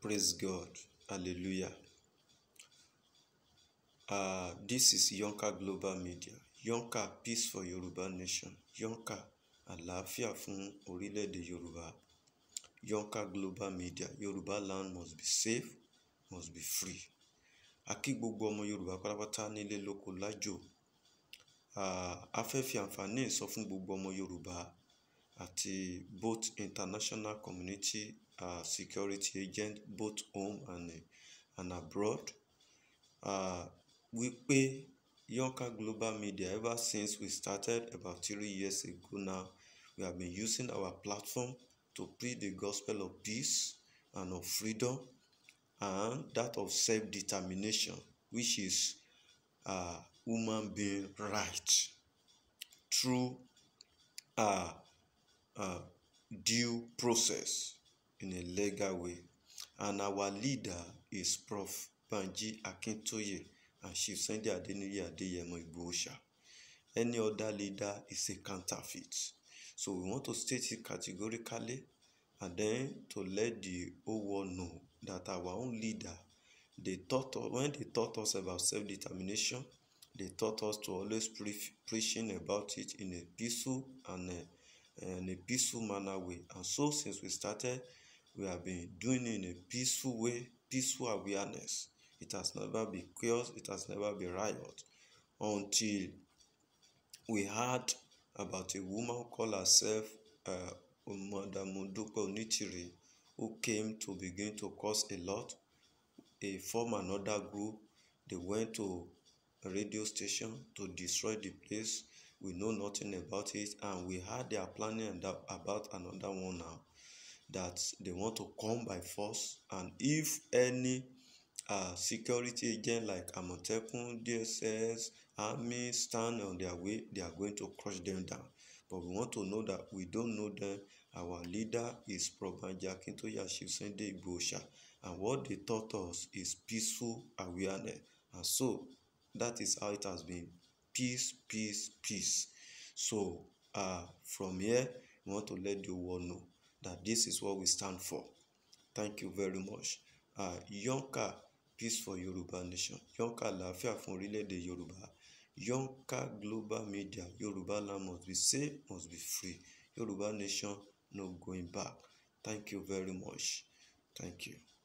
Praise God. Hallelujah. Uh, this is Yonka Global Media. Yonka Peace for Yoruba Nation. Yonka Àlàáfíà fún orílẹ̀-èdè Yorùbá. Yonka Global Media. Yoruba land must be safe, must be free. A kí gbogbo ọmọ Yorùbá pátápátá nílé lóko lájò. Uh, a fi àǹfààní sọ fún gbogbo ọmọ Yorùbá àti both international community uh, security agents both home and, and abroad uh, wípé Yonka Global Media ever since we started about three years ago now we have been using our platform to preach the gospel of peace and of freedom and that of self-determination which is uh, human being right through uh, uh, due process in a legal way. And our leader is Prof. Banji Akintoye and Chief Sunday Adeniyi Adeyemo Igbohosa. Any other leader is a counterfeit. So we want to state it categorically and then to let the whole world know that our own leader they taught us when they taught us about self-determination they taught us to always pre preaching about it in a peaceful and a in a peaceful manner way. And so since we started, we have been doing it in a peaceful way, peaceful awareness. It has never been chaos, it has never been riot. Until we heard about a woman who called herself uh, Madam Modupe Onitiri, who came to begin to cause a lot. They form another group. They went to radio station to destroy the place we know nothing about it and we heard they are planning about another one now that they want to come by force and if any uh, security agent like amotekun dss army stand on their way they are going to crush them down but we want to know that we don't know them our leader is probanja akintoye shisunde igbosa and what they taught us is peaceful awareness and so that is how it has been peace, peace, peace. So uh, from here, we want to let the world know that this is what we stand for. Thank you very much. Uh, Yonka, peace for Yoruba nation. Yonka, àlàáfíà fún orílẹ̀-èdè Yorùbá. Yonka global media, Yoruba land must be safe, must be free. Yoruba nation, no going back. Thank you very much. Thank you.